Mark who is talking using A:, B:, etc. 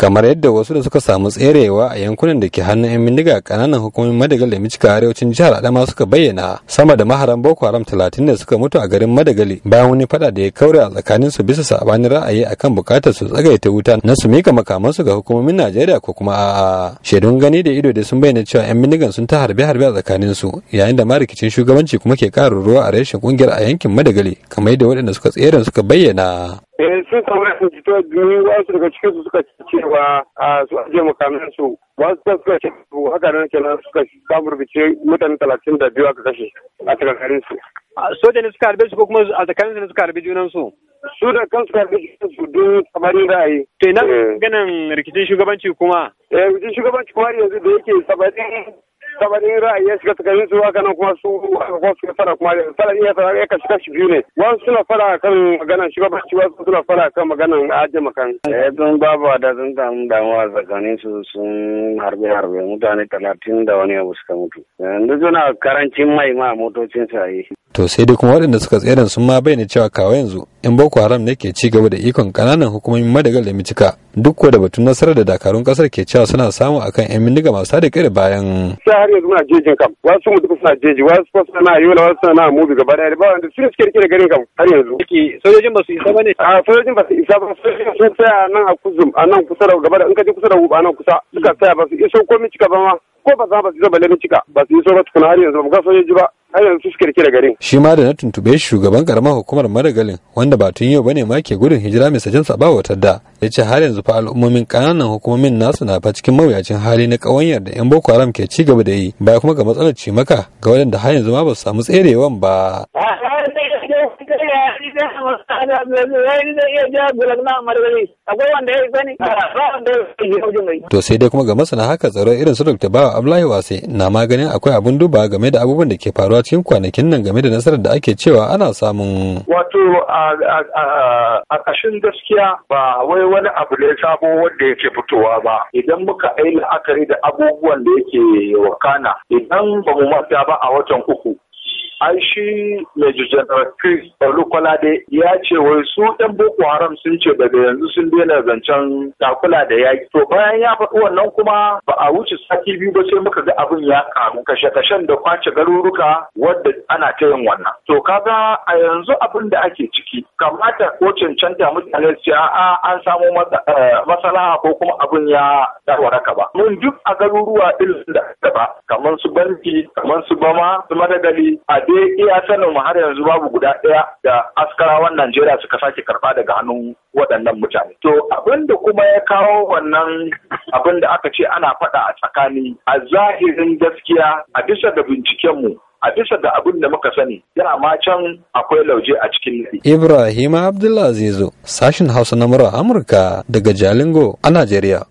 A: kamar yadda wasu da suka samu tserewa a yankunan da ke hannun 'yan bindiga kananan hukumomin madagal da micika arewacin jihar adama suka bayyana sama da maharan boko haram talatin da suka mutu a garin madagali bayan wani fada da ya kaure a tsakanin su bisa sabanin ra'ayi a kan bukatar su tsagaita wuta na su mika makamansu ga hukumomin najeriya ko kuma a'a shaidun gani da ido da sun bayyana cewa 'yan bindigan sun ta harbe harbe a tsakanin su yayin da marikicin shugabanci kuma ke karin ruwa a reshen kungiyar a yankin madagali kamar yadda waɗanda suka tsere suka bayyana
B: eh sun tambaya sun fito domin wasu daga cikin su suka cewa a su ajiye makamin su wasu ta suka ce su haka nan kenan suka samu rubuce mutane talatin da biyu aka kashe a tsakanin su. soja ne suka harbe su ko kuma a tsakanin su ne suka harbe junan su. su da suka harbe junan su don a ra'ayi. to ina eh. ganin rikicin shugabanci kuma. eh rikicin shugabanci kuma yanzu da yake sabanin sabanin ra'ayi ya shiga tsakanin su haka nan kuma su kuma su fara kuma fara iya fara ya kashi kashi biyu ne wasu suna fara kan ba shi wasu suna fara kan magana a ajiye makan. eh don babu da sun samu damuwa tsakanin su sun harbe harbe mutane talatin da wani abu suka mutu yanzu suna karancin mai ma motocin yi.
A: to sai dai kuma waɗanda suka tsere sun ma bayyana cewa kawo yanzu in boko haram ne ke ci gaba da ikon kananan hukumomin madagal da micika duk da batun nasarar da dakarun kasar ke cewa suna samu akan yan mindiga masu da kare bayan.
B: har yanzu muna jejin kam wasu mu duka suna jeji wasu kuma suna na yola wasu suna mubi gaba daya ba wanda su ne suke rike da garin kam har yanzu sojojin ba su isa ba ne a sojojin ba su isa ba sojojin sun tsaya nan a kuzum a nan kusa da gaba da in ka je kusa da huba nan kusa suka tsaya ba su iso komai cika ba ma ko ba za ba su zama cika ba su yi sauran tukuna har yanzu ba ga sojoji ba har yanzu su kirki da garin.
A: shi ma da na tuntube shugaban karamar hukumar madagalin wanda ba tun yau bane ma ke gudun hijira mai sajin ba wata da ya ce har yanzu fa al'ummomin kananan hukumomin nasu na fa cikin mawuyacin hali na ƙawanyar da 'yan boko haram ke ci gaba da yi baya kuma ga matsalar cimaka ga waɗanda har yanzu ma ba su samu tserewan ba.
C: ni da ya sani ba wanda
A: to sai dai kuma ga masana haka tsaro irin su Dr. Bawa Abdullahi Wase na maganin akwai abun duba game da abubuwan da ke faruwa cikin kwanakin nan game da nasarar da ake cewa ana samun
C: wato a kashin gaskiya ba wai wani abu ne sabo wanda yake fitowa ba idan muka yi la'akari da abubuwan da yake wakana idan ba mu manta ba a watan uku an shi Major Chris Olukolade ya ce wai su ɗan Boko Haram sun ce daga yanzu sun daina zancen takula da yaki. To bayan ya faɗi wannan kuma ba a wuce sati biyu ba sai muka ga abin ya karu kashe-kashen da kwace garuruka wadda ana ta yin wannan. To kaga a yanzu abin da ake ciki kamata ko cancanta mutane su a'a an samu masalaha eh, ko kuma abin ya ka ba. Mun duk a garuruwa ɗin da ba kamar su Banki, kamar su Bama, su Madagali a dai eh, iya sanin mu har yanzu babu guda ɗaya da askarawan Najeriya suka sake karɓa daga hannun waɗannan mutane. To abin da kuma ya kawo wannan abin da aka ce ana faɗa a tsakani a zahirin gaskiya a bisa ga bincikenmu a bisa ga abin da muka sani yana ma can akwai lauje a cikin nufi.
A: Ibrahim Abdullah Azizu, sashin Hausa na Amurka daga Jalingo a Najeriya.